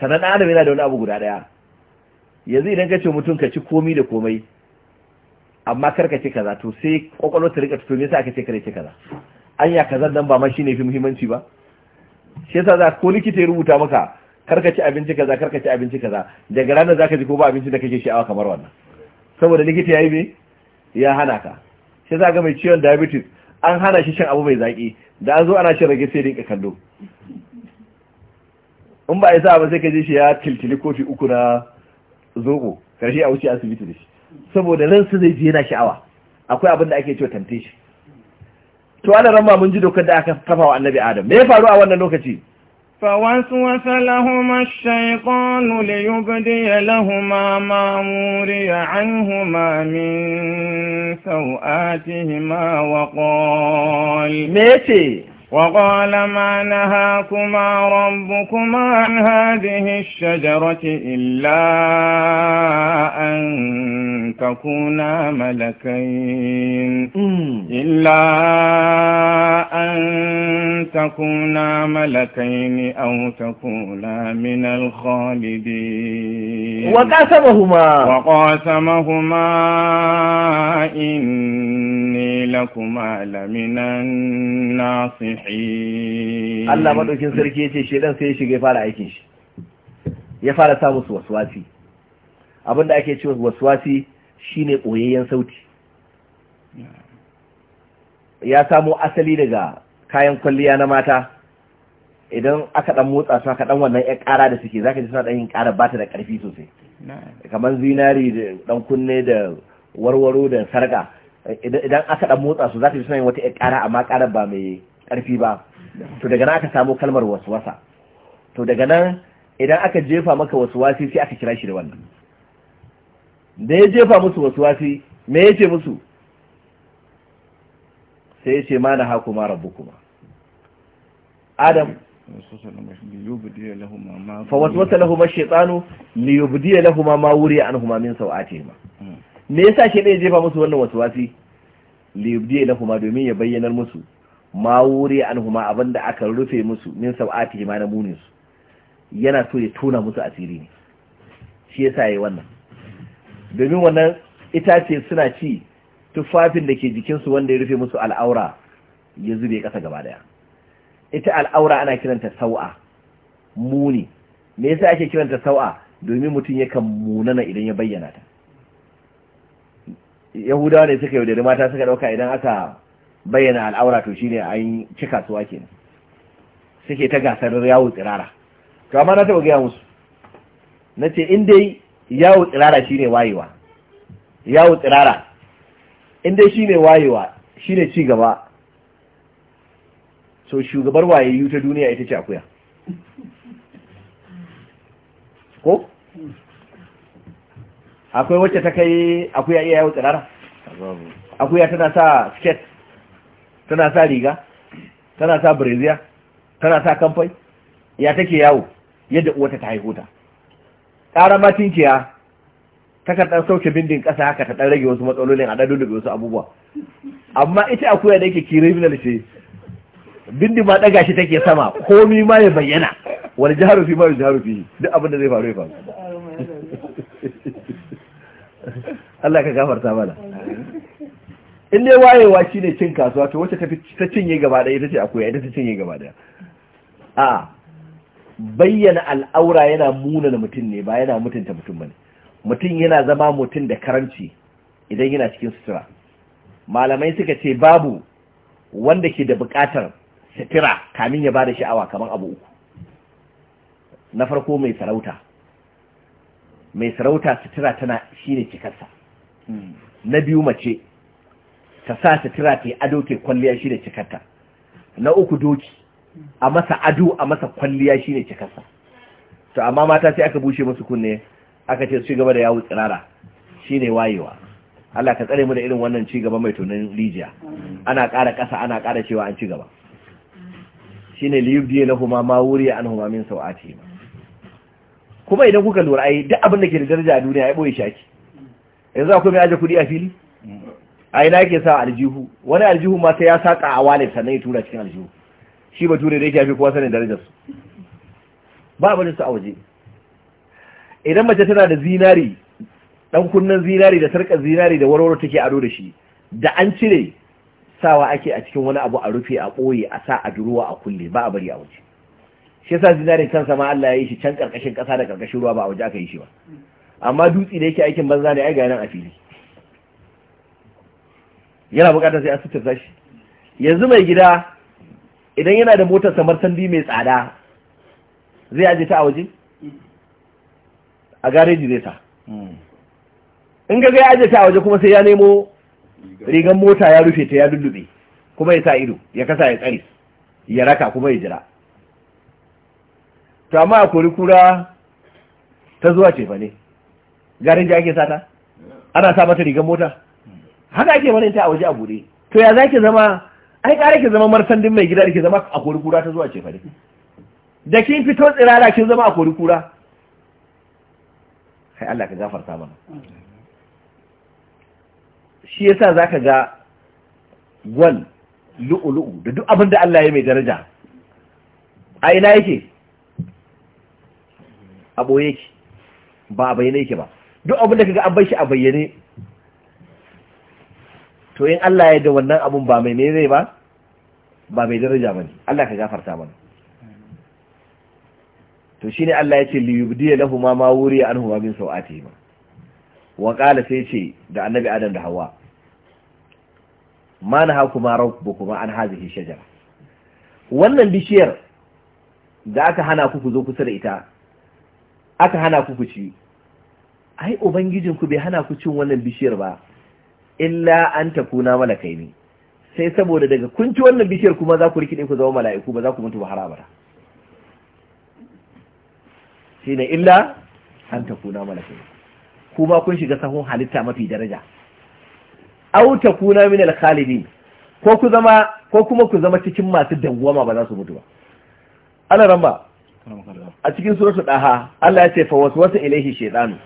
Speaker 2: sannan dan adam yana da wani abu guda daya yanzu idan ka ce mutum ka ci komi da komai amma kar ka ce kaza to sai kokolo ta rika tuto me yasa aka ce kare ce kaza anya kaza dan ba ma shine fi muhimmanci ba shi yasa za ko likita ya rubuta maka kar ka ci abinci kaza kar ka ci abinci kaza daga ranar zaka ji ko ba abinci da kake sha'awa kamar wannan saboda likita yayi me ya hana ka shi za ga mai ciwon diabetes an hana shi shan abu mai zaki da an zo ana shi rage sai ka kallo in ba a isa ba sai ka ji shi ya tiltili kofi uku na zobo karshe a wuce asibiti da shi saboda su zai je yana sha'awa akwai abin da ake cewa tante shi to ana ramma mun ji dokar da aka kafa wa annabi adam me ya faru a wannan lokaci
Speaker 1: فوسوس لهما الشيطان ليبدي لهما ما موري عنهما من سوآتهما وقال
Speaker 2: ميتي
Speaker 1: وقال ما نهاكما ربكما عن هذه الشجرة إلا أن تكونا ملكين إلا أن تكونا ملكين أو تكونا من الخالدين
Speaker 2: وقاسمهما
Speaker 1: وقاسمهما إني لكما لمن الناصحين حين الله مدوكين سركي
Speaker 2: يتي شيطان sai ya shiga ya fara aikin shi ya fara sa musu waswasi abinda ake cewa waswasi shine koyayyen sauti ya samo asali daga kayan kwalliya na mata idan aka dan motsa su aka dan wannan ya ƙara da suke zaka ji suna dan yin ƙara bata da ƙarfi sosai kamar zinari da dan kunne da warwaro da sarka idan aka dan motsa su zaka ji suna yin wata ƙara amma ƙara ba mai ƙarfi ba to daga nan aka samu kalmar wasu-wasa, to daga nan idan aka jefa maka wasu-wasi, sai aka kira shi da wannan da ya jefa musu wasu-wasi, me ya ce musu sai ya ce ma na haku ma rabu kuma adam fa wasu waswasa lahuma shaytanu li yubdiya lahuma ma wuri wuriya anhuma min ma mm. me yasa shi ne ya jefa musu wannan wasu-wasi, li yubdiya lahuma domin ya bayyanar musu ma wuri huma abinda aka rufe musu min sab'ati ma na munin su yana so ya tona musu asiri ne shi yasa yayi wannan domin wannan itace suna ci tufafin da ke jikinsu wanda ya rufe musu al'aura ya zube ƙasa gaba daya ita al'aura ana kiranta sau'a muni me yasa ake kiranta sau'a domin mutum yakan munana idan ya bayyana ta yahudawa ne suka yaudari mata suka ɗauka idan aka bayyana al'aura to shine an cika su kenan suke ta gasar yawo tsirara to amma na taɓa gaya musu na ce in dai yawo tsirara shine wayewa yawo tsirara in dai shine wayewa shine ci gaba so shugabar wayayyu ta duniya ita ce akuya ko akwai wacce ta kai akuya iya yawo tsirara akuya tana sa skate tana sa riga tana sa breziya tana sa kamfai ya take yawo yadda uwata ta haihu ta ƙara ma tinkiya takan ɗan sauke bindin ƙasa haka ta ɗan rage wasu matsalolin a ɗan wasu abubuwa amma ita akuya da yake criminal ce bindin ma ɗaga shi take sama komi ma ya bayyana wani jihar rufi ma ya jihar rufi duk abin da zai faru ya faru Allah ka gafarta mana in dai wayewa shi ne cin kasuwa to wacce ta cinye gaba ɗaya ita ce koya ita ta cinye gaba ɗaya a bayyana al'aura yana da mutum ne ba yana mutunta mutum ba ne mutum yana zama mutum da karanci idan yana cikin sutura malamai suka ce babu wanda ke da bukatar sutura kamin ya bada sha'awa kamar abu uku na farko mai sarauta mai sarauta sutura tana shine cikarsa hmm. na biyu mace ta sa tira ta yi ado ta kwalliya shi da cikarta na uku doki a masa ado a masa kwalliya shi ne cikarsa to amma mata sai aka bushe musu kunne aka ce su gaba da yawo tsirara shi ne wayewa Allah ka tsare mu da irin wannan ci gaba mai tunan rijiya ana ƙara ƙasa ana ƙara cewa an ci gaba shi ne liyubdiye na huma ma wuri an huma min sau'ati kuma idan kuka lura ai duk abin da ke da daraja a duniya ya ɓoye shaki yanzu akwai mai aje kuɗi a fili a ina yake sa aljihu wani aljihu ma sai ya saka a wallet sannan ya tura cikin aljihu shi ba tura da yake yafi kowa sanin darajar su ba barin su a waje idan mace tana da zinari dan kunnen zinari da sarkar zinari da warwaro take ado da shi da an cire sawa ake a cikin wani abu a rufe a ɓoye a sa a duruwa a kulle ba a bari a waje shi yasa zinarin can sama Allah ya yi shi can karkashin ƙasa da karkashin ruwa ba a waje aka yi shi ba amma dutse da yake aikin banza ne ai ga nan a fili yana bukatar sai an suturta shi yanzu mai gida idan yana da motar samar sandi mai tsada zai aje ta a waje a gareji zai sa in ga zai aje ta a waje kuma sai ya nemo rigan mota ya rufe ta ya lullube kuma ya sa ido ya kasa ya tsari, ya raka kuma ya jira to ma a kori kura ta zuwa ce fa ne gareji ake sata ana sa mata rigan mota haka ake ta a waje a gure to ya za ki zama ai kare ki zama martandin mai gida da ki zama a kori kura ta zuwa cefane da kin fito tsirara kin zama a kori kura kai Allah ka gafarta mana shi yasa zaka ga gwal lu'ulu'u da duk abin da Allah ya mai daraja a ina yake a boye yake ba a bayyane yake ba duk abin da kaga an bar shi a bayyane to in Allah ya da wannan abun ba mai mene ba ba mai daraja ba ne Allah ka gafarta mana to shi ne Allah ya ce li yubdiya lahumu ma wuri anhu ma min sawatihima wa qala sai ce da annabi adam da hawa ma na hakuma kuma an shi shajara wannan bishiyar da aka hana ku ku zo kusa da ita aka hana ku ku ci ai ubangijinku bai hana ku cin wannan bishiyar ba illa an na malakai ne sai saboda daga kun ci wannan bishiyar kuma za ku rikide ku zama mala'iku ba za ku mutu ba har abada shine illa an na malakai kuma kun shiga sahun halitta mafi daraja aw kuna min al-khalidin ko ku zama ko kuma ku zama cikin masu dawwama ba za su mutu ba ana ramba a cikin suratul daha Allah ya ce fa waswasa ilaihi shaytanu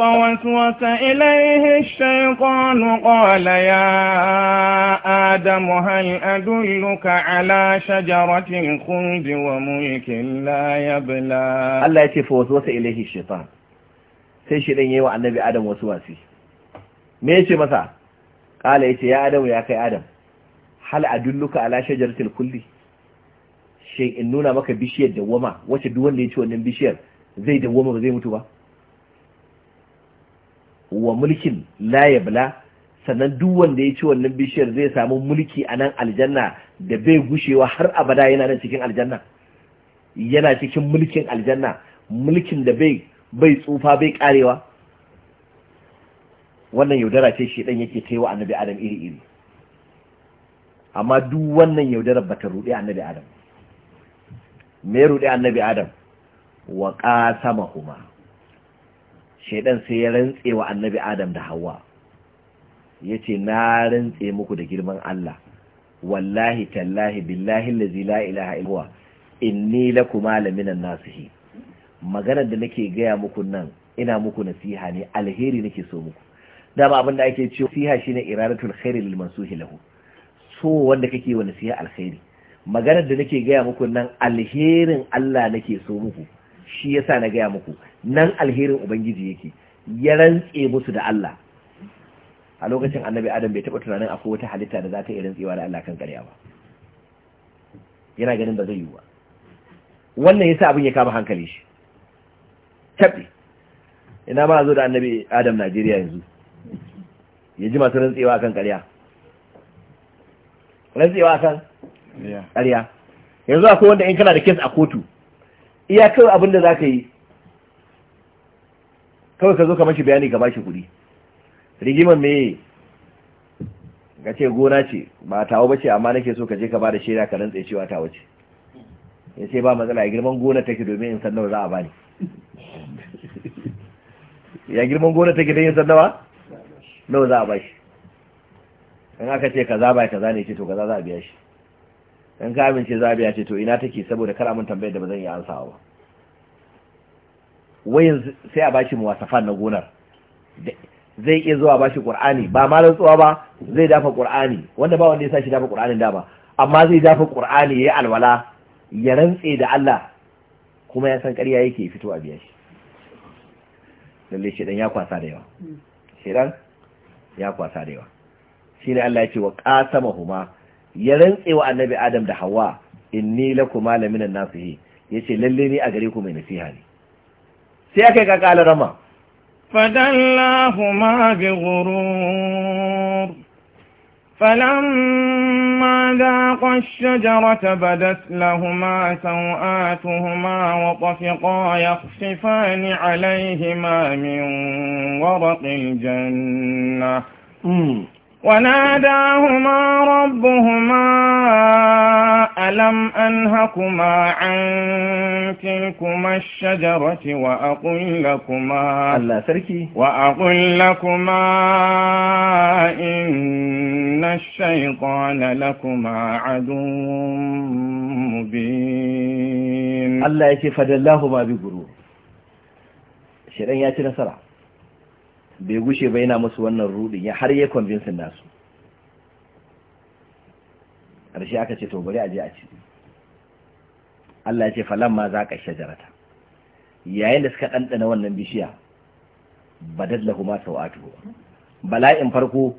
Speaker 1: فوسوس إليه الشيطان قال يا آدم هل أدلك على شجرة الخلد
Speaker 2: وملك لا يبلى الله يتي فوسوس إليه الشيطان sai shi ɗan yi wa annabi adam wasu wasi me yace masa ƙala yace ya adam ya kai adam hal a ala shajaratil kulli shin in nuna maka bishiyar dawwama wacce duk wanda ya ci wannan bishiyar zai dawwama ba zai mutu ba wa mulkin la yabla sannan duk wanda ya ci wannan bishiyar zai samu mulki a nan aljanna da bai gushewa har abada yana nan cikin aljanna yana cikin mulkin aljanna mulkin da bai bai tsufa bai karewa wannan yaudara ce shi dan yake kaiwa annabi adam iri iri amma duk wannan yaudara bata rude annabi adam me rude annabi adam wa qasamahuma shaidan sai ya rantse wa annabi adam da hawa ya ce na rantse muku da girman Allah wallahi tallahi billahi lazi la ilaha ilhuwa inni lakuma laminan nasihi maganar da nake gaya muku nan ina muku nasiha ne alheri nake so muku dama abin da ake cewa nasiha shine iradatul khairi lil mansuhi lahu so wanda kake wa nasiha alheri. maganar da nake gaya muku nan alherin Allah nake so muku shi yasa na gaya muku nan alherin ubangiji yake ya rantse musu da Allah a lokacin annabi adam bai taɓa tunanin akwai wata halitta da za ta iya rantsewa da Allah kan ƙarya ba yana ganin ba zai yi ba wannan yasa abin ya kama hankali shi tabbi ina ma zo da annabi adam Najeriya yanzu ya ji masu rantsewa akan ƙarya rantsewa akan ƙarya yanzu akwai wanda in kana da kes a kotu iya kawai abin da za ka yi kawai ka zo ka mashi bayani ka bashi kuɗi rigimar me ga ce gona ce ba tawo ba ce amma nake so ka je ka ba da shaida ka rantsa cewa tawo ce ya ce ba matsala ya girman gona take domin in san nawa za a bani ya girman gona take don in san nawa nawa za a bashi in aka ce kaza ba kaza ne ce to kaza za a biya shi in ka amince za a biya ce to ina take saboda kar mun tambayar da ba zan yi ansawa ba wayan sai a bashi muwasafan na gonar zai iya zuwa bashi qur'ani ba ma rantsuwa ba zai dafa qur'ani wanda ba wanda ya sashi dafa qur'anin da ba amma zai dafa qur'ani yayi alwala ya rantse da Allah kuma ya san ƙarya yake fito a biya shi lalle shedan ya kwasa da yawa shedan ya kwasa da yawa Shi ne Allah ya ce wa qasamahuma ya rantse wa annabi Adam da Hawwa inni lakuma laminan nasihi yace lalle ni a gare ku mai nasiha ne sai aka yi kakalar rama.
Speaker 1: Fadallahuma bi gurur, badat lahuma sau'atuhuma wa kwafi kwaya sifani alaihima min وناداهما ربهما ألم أنهكما عن تلكما الشجرة وأقل لكما الله
Speaker 2: سركي وأقل
Speaker 1: لكما إن الشيطان لكما عدو
Speaker 2: مبين الله يكفد الله ما بيقولوا شيئا يأتي نصرا bai gushe ba yana musu wannan rudin ya har ya convincing nasu ƙarshe aka ce tobari a je a ci Allah ya ce falan ma za ka shajarata yayin da suka ɗanɗana wannan bishiya badad lahu ma sau'atu bala'in farko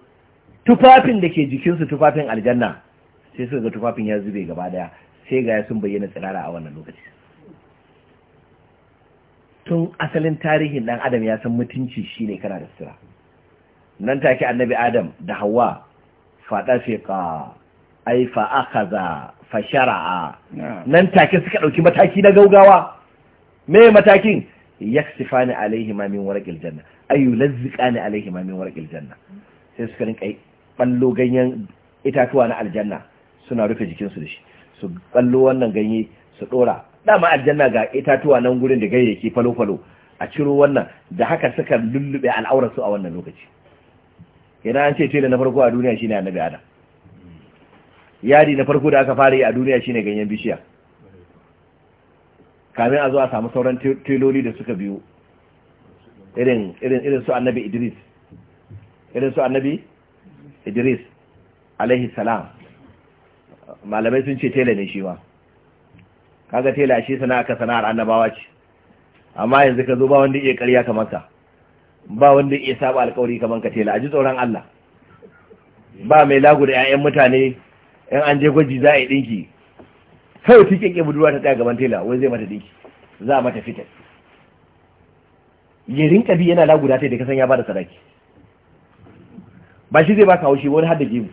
Speaker 2: tufafin da ke jikinsu tufafin aljanna sai suka ga tufafin ya zube gaba daya sai ga ya sun bayyana tsirara a wannan lokaci tun asalin tarihin ɗan adam ya san mutunci shine kana da sira nan take annabi adam da hawa fadafiqa ai fa akaza fa shara'a nan take suka ɗauki mataki na gaugawa me matakin yaksifani alaihi ma min warqil janna ay yulazziqani alaihi ma min warqil janna sai suka rinka ballo ganyen itatuwa na aljanna suna rufe jikinsu da shi su ballo wannan ganye su ɗora. dama aljanna ga itatuwa nan gurin da gayyaki falo-falo a ciro wannan da haka suka lullube al'auransu a wannan lokaci idan an ce tela na farko a duniya shine annabi adam yadi na farko da aka fara yi a duniya shine ganyen bishiya kamin a zo a samu sauran teloli da suka biyo irin irin irin su annabi idris irin su annabi idris alaihi salam malamai sun ce tela ne shi ma kaga tela shi sana ka sana'ar annabawa ce amma yanzu ka zo ba wanda iya ƙarya kamar ka ba wanda iya saba alƙawari kamar ka tela a ji tsoron Allah ba mai lagu da 'ya'yan mutane in an je gwaji za a yi dinki sai ta kike budurwa ta tsaya gaban tela wai zai mata dinki za a mata fitar ya rinka bi yana lagu da ta da kasan ya bada sadaki ba shi zai baka haushi wani hada gemu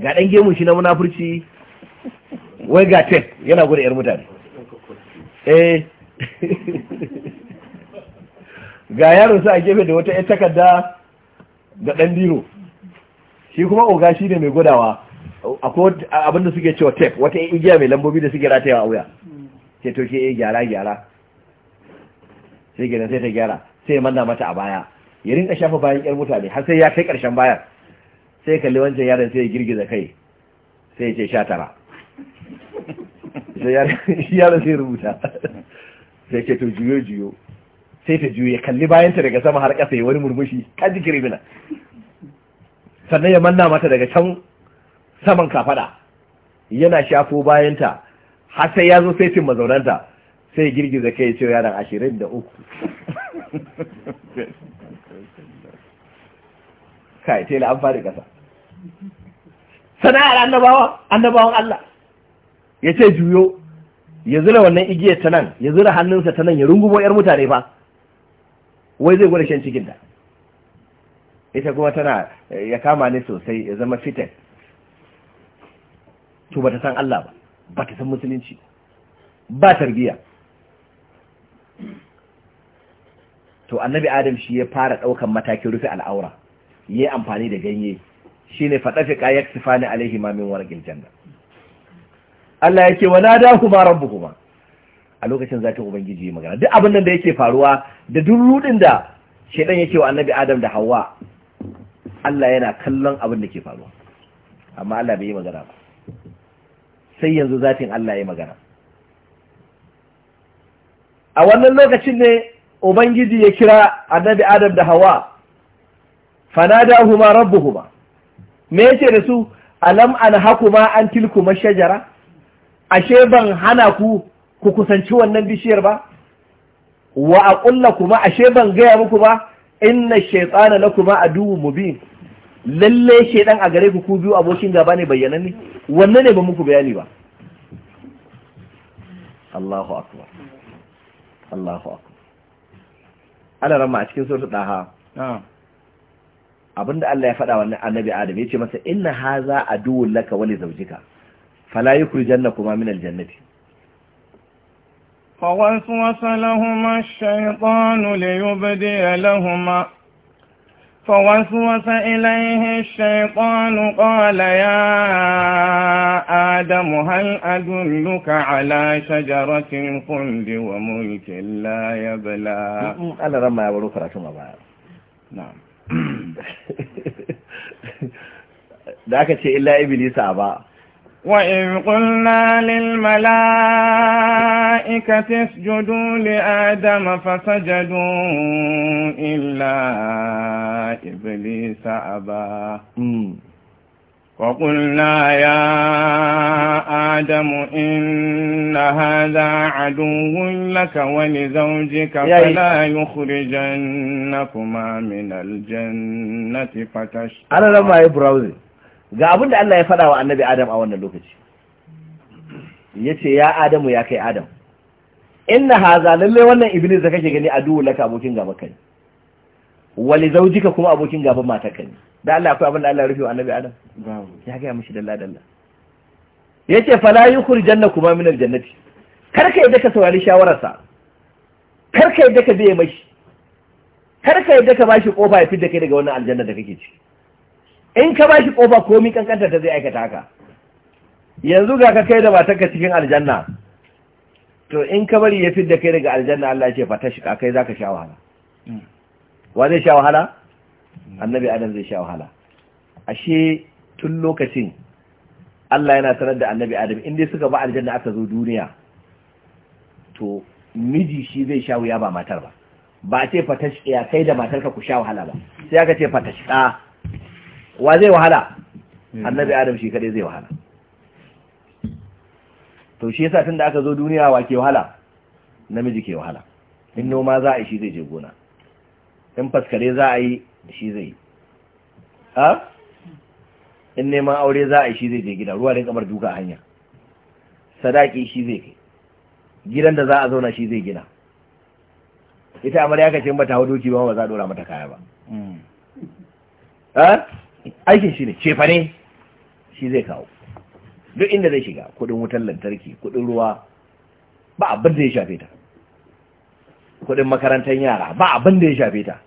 Speaker 2: ga dan gemu shi na munafurci wai ga ten yana gudu yar mutane eh ga yaron sa a gefe da wata 'yar takarda da ɗan biro shi kuma oga shi ne mai gudawa akwai abin da suke cewa tape wata igiya mai lambobi da suke rataya a wuya sai to ke eh, gyara gyara sai gina sai ta gyara sai ya manna mata a baya ya rinka shafa bayan yar mutane har sai ya kai karshen bayan sai kalli wancan yaron sai ya girgiza kai sai ya ce sha tara sai yaro sai rubuta sai ke to juyo juyo sai ta juyo kalli kalli bayanta daga sama har ƙasa ya wani murmushi kaji kirimina sannan ya manna mata daga can saman kafada yana shafo bayanta har sai ya zo sai cin mazaunanta sai girgiza kai cewa yaran ashirin da uku kai tela an fari ƙasa sana'ar annabawa annabawan Allah ya ce juyo ya zura wannan igiyar ta nan ya zura hannunsa ta nan ya rungumo yar mutane fa wai zai gwada shan cikinta ita kuma tana ya kama ni sosai ya zama fitan to ba ta san Allah ba ba ta san musulunci ba tarbiya to annabi adam shi ya fara daukan matakin rufe al'aura yayi amfani da ganye shi shine fadafi kayak sifani alaihi ma min warqil janna Allah yake wa nadahuma rabbuhuma a lokacin zata ubangiji ya magana duk abin da yake faruwa da duk rudin da shedan yake wa annabi Adam da Hawwa Allah yana kallon abin da ke faruwa amma Allah bai yi magana ba sai yanzu zatin Allah ya magana a wannan lokacin ne ubangiji ya kira annabi Adam da Hawwa fanadahuma rabbuhuma me yake da su alam anhakuma an tilkuma shajara ashe ban hana ku ku kusanci wannan bishiyar ba wa a ƙulla kuma ashe ban gaya muku ba inna na kuma lakuma mu mubin lalle shaidan a gare ku ku biyu abokin gaba ne ne wannan ne ba muku bayani ba Allahu akbar Allahu akbar ana rama a cikin sautu ɗaha abinda Allah ya faɗa wannan annabi Adam ce masa inna haza duhu laka wani zaujika fala yi kurjanna kuma min aljannati
Speaker 1: fawaswasa lahuma shaytanu li yubdi lahuma fawaswasa ilayhi shaytanu qala ya adam hal adulluka ala shajarati al wa mulki la yabla ala rama ya baro karatu ma ba
Speaker 2: da aka ce illa iblisa ba
Speaker 1: وإذ قلنا للملائكة اسجدوا لآدم فسجدوا إلا إبليس أبى وقلنا يا آدم إن هذا عدو لك ولزوجك فلا يخرجنكما
Speaker 2: من الجنة فتشقى أنا لما يبراوزي ga abin da Allah ya faɗa wa annabi Adam a wannan lokaci ya ce ya Adamu ya kai Adam inna haza lallai wannan iblis da kake gani a duhu laka abokin gaba kai wali zaujika kuma abokin gaba matarka ne da Allah akwai abin da Allah ya rufe wa annabi Adam ya ga mishi dalla dalla ce fala janna kuma minar kar ka yadda ka saurari shawararsa kar ka yadda ka biye mashi kar ka yadda ka bashi kofa ya fidda kai daga wannan aljanna da kake ciki in ka ba shi ƙofa komi kankanta ta zai aikata haka yanzu ga ka kai da ka cikin aljanna to in ka bari ya fi da kai daga aljanna Allah ya ce fata shi ka kai zaka sha wahala wa zai sha wahala annabi adam zai sha wahala ashe tun lokacin Allah yana sanar da annabi adam in dai suka ba aljanna aka zo duniya to miji shi zai sha wuya ba matar ba ba a ce fata shi kai da matarka ku sha wahala ba sai aka ce fata shi wa zai wahala hmm. annabi adam shi kadai zai wahala to shi yasa tunda aka zo duniya wa ke wahala namiji ke wahala in noma za a yi shi zai je gona in faskare za a yi shi zai yi ha in neman aure za a yi shi zai je gida ruwa ne kamar duka a hanya sadaki shi zai kai gidan da za a zauna shi zai gina ita amarya ka ce bata hau doki ba ba za a dora mata kaya ba hmm. aikin shi ne cefa ne shi zai kawo duk inda zai shiga kudin wutar lantarki kudin ruwa ba abin da ya shafe ta kudin makarantar yara ba abin da ya shafe ta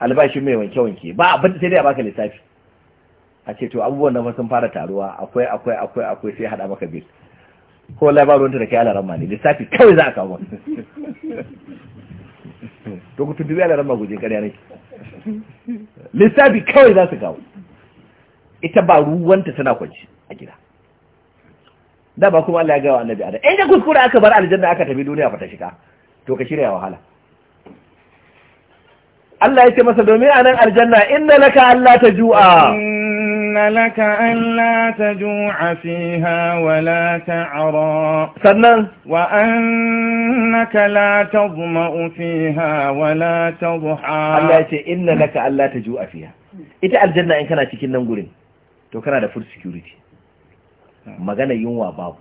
Speaker 2: albashin mai wanke-wanke ba abin da sai dai a baka lissafi a ce to abubuwan na sun fara taruwa akwai akwai akwai akwai sai hada maka bil ko labarin ta da kai alaran ma ne lissafi kawai za a kawo to ku tuntubi alaran ma guje ƙarya ne lissafi kawai za su kawo ita ba ruwanta tana kwanci a gida da ba kuma Allah ya gawa annabi adam in da kuskure aka bar aljanna aka tafi duniya fa ta shiga to ka shirya wahala Allah ya ce masa domin anan aljanna inna laka alla tajua inna laka
Speaker 1: ta tajua fiha wa la ta'ra sannan wa
Speaker 2: annaka la tadma'u fiha wa la tadha Allah ya ce inna laka ta tajua fiha ita aljanna in kana cikin nan gurin to kana da food security magana yunwa babu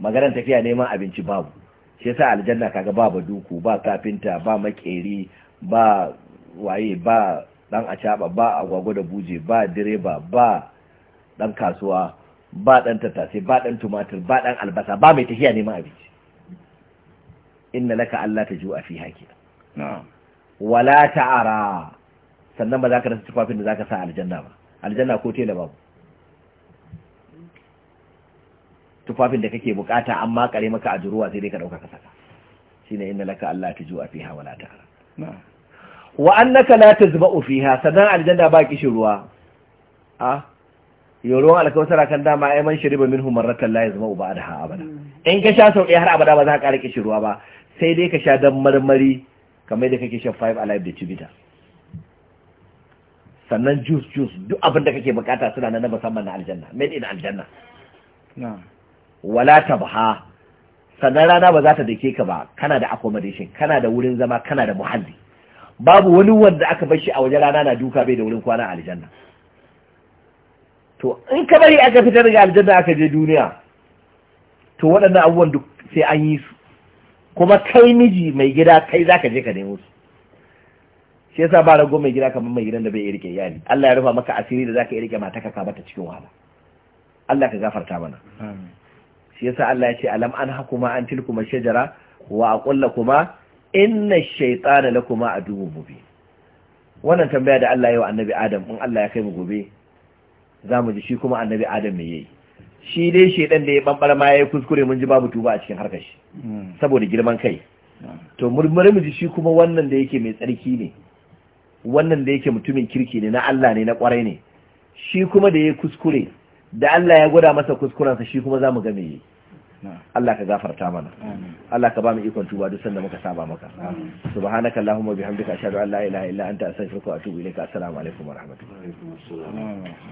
Speaker 2: maganar tafiya neman abinci babu shi yasa aljanna kaga ba duku ba kafinta ba makeri ba waye ba dan acaba ba agwagwa da buje ba direba ba dan kasuwa ba dan tattase ba dan tumatir ba dan albasa ba mai tafiya neman abinci inna laka Allah ta ju'a fi haki wala ta'ara sannan ba za ka rasa tufafin da za ka sa aljanna ba aljanna ko tela babu tufafin da kake bukata amma kare maka a juruwa sai dai ka dauka ka saka shine inna laka Allah tujua fiha wala tahra wa annaka la tazba'u fiha sadan aljanna ba kishin ruwa a yoron alkawtara kan dama ai man shiriba minhu marratan la yazma'u ba'daha abada hmm. in ka sha sau har abada ba za ka kara kishin ruwa ba sai dai ka sha dan marmari kamar da kake shan five alive da tubita sannan jus jus duk abin da kake bukata suna na musamman na aljanna made in aljanna wala tabha sannan rana ba za ta dake ka ba kana da accommodation kana da wurin zama kana da muhalli babu wani wanda aka bar shi a waje rana na duka bai da wurin kwana a aljanna to in ka bari aka fitar daga aljanna aka je duniya to waɗannan abubuwan duk sai an yi su kuma kai miji mai gida kai zaka je ka nemo su shi yasa ba rago mai gida kamar mai gidan da bai rike iyali Allah ya rufa maka asiri da zaka iya rike mata ka bata cikin wahala Allah ka gafarta mana shi yasa Allah ya ce alam an hakuma an tilkuma shajara wa aqul kuma inna shaytana lakuma aduwwun mubin wannan tambaya da Allah ya wa annabi Adam in Allah ya kai mu gobe zamu ji shi kuma annabi Adam me yayi shi dai shedan da ya bambara ma yayi kuskure mun ji babu tuba a cikin harkar hmm. saboda girman kai hmm. to murmurin mu ji shi kuma wannan da yake mai tsarki ne wannan da yake mutumin kirki ne na Allah ne na kwarai ne shi kuma da ya kuskure da Allah ya gwada masa kuskurensa shi kuma za mu ga yi. Allah ka gafarta mana Allah ka ba mu ikon tuba duk sanda muka saba maka subhanaka allahumma bihamdika ashhadu an la ilaha illa anta astaghfiruka wa atubu ilaik assalamu alaikum wa
Speaker 1: rahmatullahi